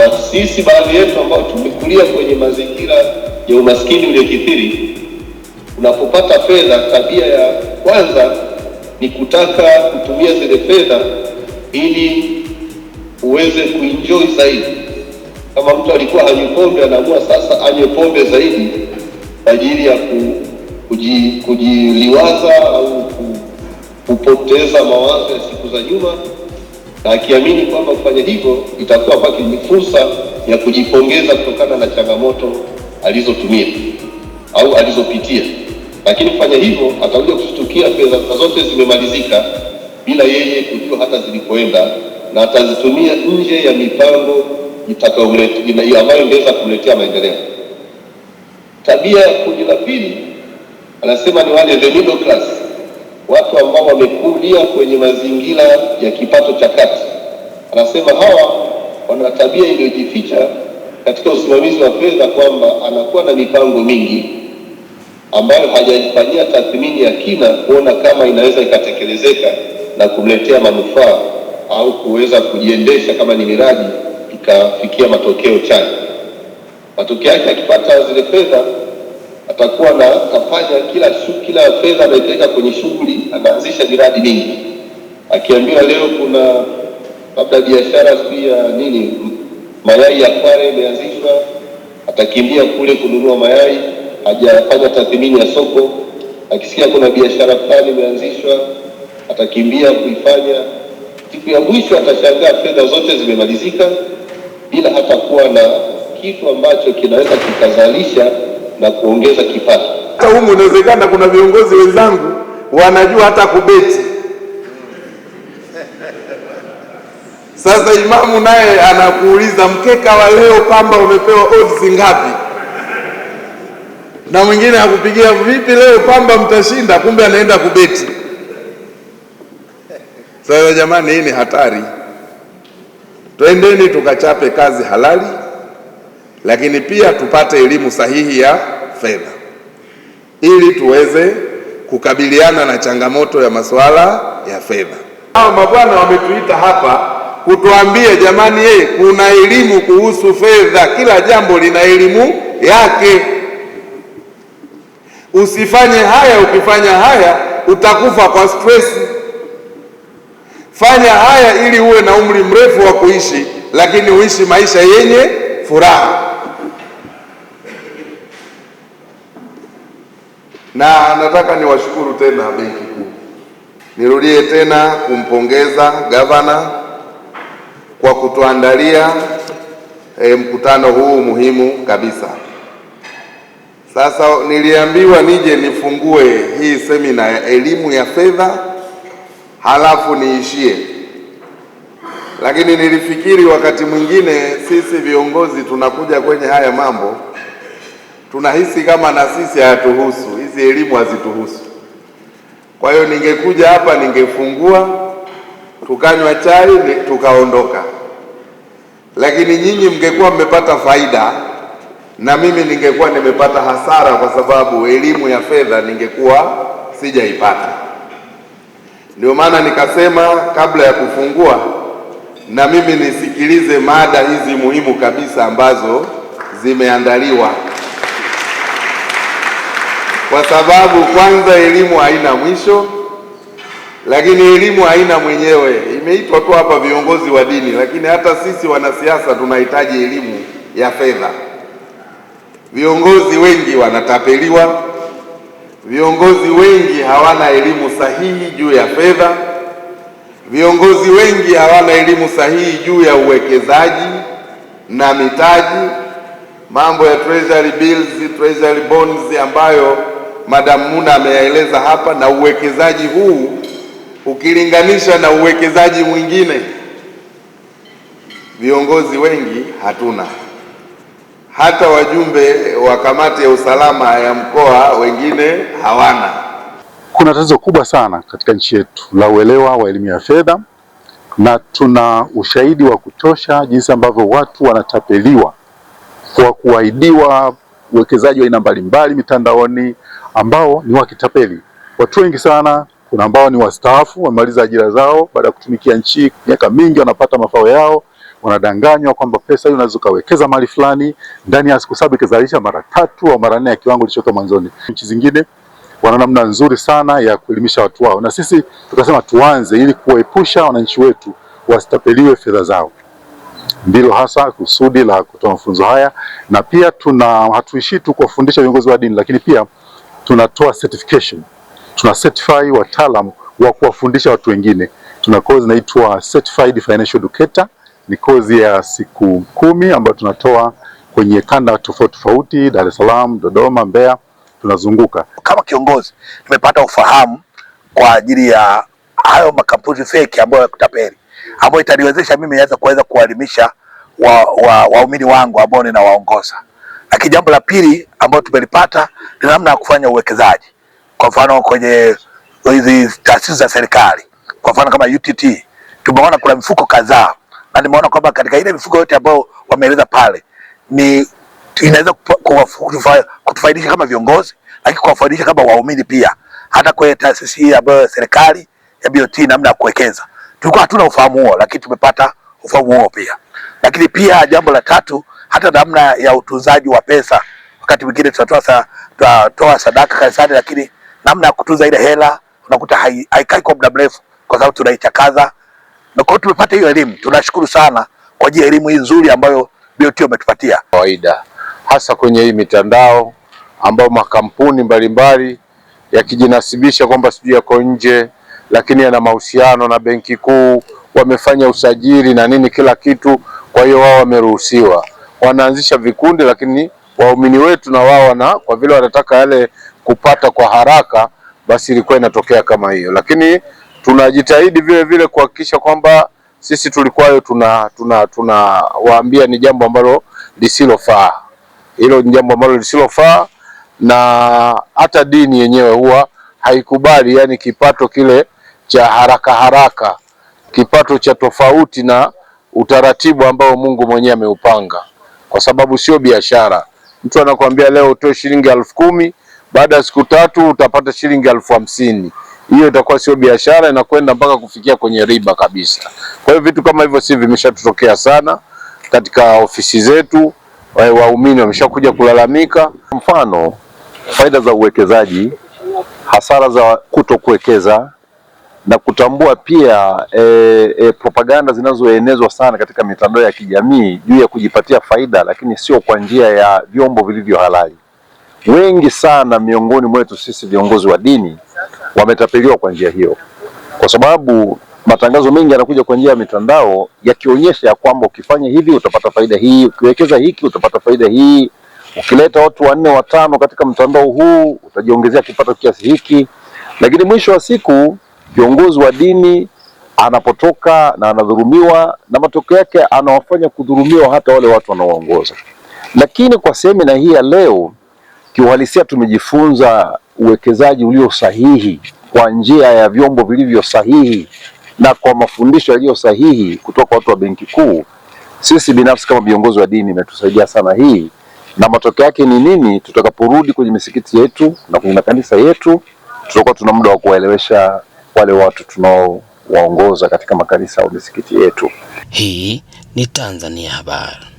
kwamba sisi baadhi yetu ambao tumekulia kwenye mazingira ya umaskini uliokithiri, unapopata fedha, tabia ya kwanza ni kutaka kutumia zile fedha ili uweze kuenjoy zaidi. Kama mtu alikuwa hanywi pombe, anaamua sasa anywe pombe zaidi kwa ajili ya ku, kuji, kujiliwaza au kupoteza mawazo ya siku za nyuma na akiamini kwamba kufanya hivyo itakuwa kwake ni fursa ya kujipongeza kutokana na changamoto alizotumia au alizopitia, lakini kufanya hivyo atakuja kushtukia fedha zote zimemalizika bila yeye kujua hata zilipoenda, na atazitumia nje ya mipango ambayo ingeweza kumletea maendeleo. Tabia ya kundi la pili anasema ni wale the middle class watu ambao wamekulia kwenye mazingira ya kipato cha kati. Anasema hawa wana tabia iliyojificha katika usimamizi wa fedha, kwamba anakuwa na mipango mingi ambayo hajaifanyia tathmini ya kina kuona kama inaweza ikatekelezeka na kumletea manufaa au kuweza kujiendesha kama ni miradi ikafikia matokeo chanya. Matokeo yake akipata zile fedha atakuwa na kafanya kila kila fedha anaiteka kwenye shughuli, anaanzisha miradi mingi. Akiambiwa leo kuna labda biashara sijui ya nini mayai ya Kwale imeanzishwa, atakimbia kule kununua mayai, hajafanya tathmini ya soko. Akisikia kuna biashara fulani imeanzishwa, atakimbia kuifanya. Siku ya mwisho atashangaa fedha zote zimemalizika bila hata kuwa na kitu ambacho kinaweza kikazalisha na kuongeza kipato. Hata humu inawezekana kuna viongozi wenzangu wanajua hata kubeti. Sasa imamu naye anakuuliza mkeka wa leo pamba umepewa odds ngapi? Na mwingine akupigia vipi, leo pamba mtashinda, kumbe anaenda kubeti. Sasa jamani, hii ni hatari. Twendeni tukachape kazi halali lakini pia tupate elimu sahihi ya fedha ili tuweze kukabiliana na changamoto ya masuala ya fedha. Hao mabwana wametuita hapa kutuambia jamani, ye, eh, kuna elimu kuhusu fedha. Kila jambo lina elimu yake. Usifanye haya, ukifanya haya utakufa kwa stress. Fanya haya ili uwe na umri mrefu wa kuishi, lakini uishi maisha yenye furaha. na nataka niwashukuru tena benki kuu, nirudie tena kumpongeza gavana kwa kutuandalia e, mkutano huu muhimu kabisa. Sasa niliambiwa nije nifungue hii semina ya elimu ya fedha halafu niishie, lakini nilifikiri wakati mwingine sisi viongozi tunakuja kwenye haya mambo tunahisi kama na sisi hayatuhusu, hizi elimu hazituhusu. Kwa hiyo ningekuja hapa ningefungua, tukanywa chai, tukaondoka, lakini nyinyi mngekuwa mmepata faida na mimi ningekuwa nimepata hasara, kwa sababu elimu ya fedha ningekuwa sijaipata. Ndio maana nikasema kabla ya kufungua na mimi nisikilize mada hizi muhimu kabisa ambazo zimeandaliwa kwa sababu kwanza elimu haina mwisho, lakini elimu haina mwenyewe. Imeitwa tu hapa viongozi wa dini, lakini hata sisi wanasiasa tunahitaji elimu ya fedha. Viongozi wengi wanatapeliwa, viongozi wengi hawana elimu sahihi juu ya fedha, viongozi wengi hawana elimu sahihi juu ya uwekezaji na mitaji, mambo ya treasury bills, treasury bonds ambayo Madam Muna ameyaeleza hapa, na uwekezaji huu ukilinganisha na uwekezaji mwingine, viongozi wengi hatuna. Hata wajumbe wa kamati ya usalama ya mkoa wengine hawana. Kuna tatizo kubwa sana katika nchi yetu la uelewa wa elimu ya fedha, na tuna ushahidi wa kutosha jinsi ambavyo watu wanatapeliwa kwa kuahidiwa uwekezaji wa aina mbalimbali mitandaoni ambao ni wakitapeli. Watu wengi sana, kuna ambao ni wastaafu wamemaliza ajira zao baada ya kutumikia nchi miaka mingi, wanapata mafao yao, wanadanganywa kwamba pesa hiyo unaweza ukawekeza mali fulani, ndani ya siku saba ikazalisha mara tatu au mara nne ya kiwango kilichotoka mwanzoni. Nchi zingine wana namna nzuri sana ya kuelimisha watu wao, na sisi tukasema tuanze ili kuwaepusha wananchi wetu wasitapeliwe fedha zao. Ndilo hasa kusudi la kutoa mafunzo haya, na pia tuna hatuishi tu kuwafundisha viongozi wa dini, lakini pia tunatoa certification, tuna certify wataalam wa kuwafundisha watu wengine. Tuna course inaitwa Certified Financial Educator, ni course ya siku kumi ambayo tunatoa kwenye kanda tofauti tofauti, Dar es Salaam, Dodoma, Mbeya, tunazunguka. Kama kiongozi tumepata ufahamu kwa ajili ya hayo makampuni feki ambayo yakutapeli, ambayo itaniwezesha mimi naweza kuweza kuwaelimisha waumini wa, wa wangu ambao ninawaongoza. Lakini jambo la pili ambalo tumelipata ni namna ya kufanya uwekezaji, kwa mfano kwenye hizi taasisi za serikali, kwa mfano kama UTT, tumeona kuna mifuko kadhaa, na nimeona kwamba katika ile mifuko yote ambayo wameeleza pale ni inaweza kutufaidisha kama viongozi, lakini kuwafaidisha kama waumini pia, hata kwenye taasisi hii ambayo serikali ya BOT, namna ya kuwekeza. Tulikuwa hatuna ufahamu huo, lakini tumepata ufahamu huo pia. Lakini pia jambo la tatu hata namna ya utunzaji wa pesa. Wakati mwingine tunatoa sa, tunatoa sadaka kanisani, lakini namna ya kutunza ile hela unakuta haikai kwa muda mrefu, kwa sababu tunaichakaza. Na kwa tumepata hiyo elimu, tunashukuru sana kwa ajili ya elimu hii nzuri ambayo BOT umetupatia. Kawaida hasa kwenye hii mitandao ambayo makampuni mbalimbali yakijinasibisha kwamba sijui yako nje, lakini yana mahusiano na benki kuu, wamefanya usajili na nini kila kitu, kwa hiyo wao wameruhusiwa wanaanzisha vikundi, lakini waumini wetu na wao na kwa vile wanataka yale kupata kwa haraka, basi ilikuwa inatokea kama hiyo, lakini tunajitahidi vile vile kuhakikisha kwamba sisi tulikuwayo tuna tuna tunawaambia ni jambo ambalo lisilofaa. Hilo ni jambo ambalo lisilofaa, na hata dini yenyewe huwa haikubali, yani kipato kile cha haraka haraka, kipato cha tofauti na utaratibu ambao Mungu mwenyewe ameupanga kwa sababu sio biashara. Mtu anakuambia leo utoe shilingi elfu kumi baada ya siku tatu utapata shilingi elfu hamsini hiyo itakuwa sio biashara, inakwenda mpaka kufikia kwenye riba kabisa. Kwa hiyo vitu kama hivyo si vimeshatutokea sana katika ofisi zetu, waumini wameshakuja kulalamika. Mfano, faida za uwekezaji, hasara za kuto kuwekeza na kutambua pia e, e, propaganda zinazoenezwa sana katika mitandao ya kijamii juu ya kujipatia faida, lakini sio kwa njia ya vyombo vilivyo halali. Wengi sana miongoni mwetu sisi viongozi wa dini wametapeliwa kwa njia hiyo, kwa sababu matangazo mengi yanakuja kwa njia ya mitandao yakionyesha ya kwamba ukifanya hivi utapata faida hii, ukiwekeza hiki utapata faida hii, ukileta watu wanne watano katika mtandao huu utajiongezea kipato kiasi hiki, lakini mwisho wa siku Kiongozi wa dini anapotoka na anadhulumiwa, na matokeo yake anawafanya kudhulumiwa hata wale watu wanaoongoza. Lakini kwa semina hii ya leo, kiuhalisia tumejifunza uwekezaji ulio sahihi kwa njia ya vyombo vilivyo sahihi na kwa mafundisho yaliyo sahihi kutoka kwa watu wa Benki Kuu. Sisi binafsi kama viongozi wa dini imetusaidia sana hii, na matokeo yake ni nini? Tutakaporudi kwenye misikiti yetu na kwenye makanisa yetu, tutakuwa tuna muda wa kuwaelewesha wale watu tunaowaongoza katika makanisa au misikiti yetu. Hii ni Tanzania Habari.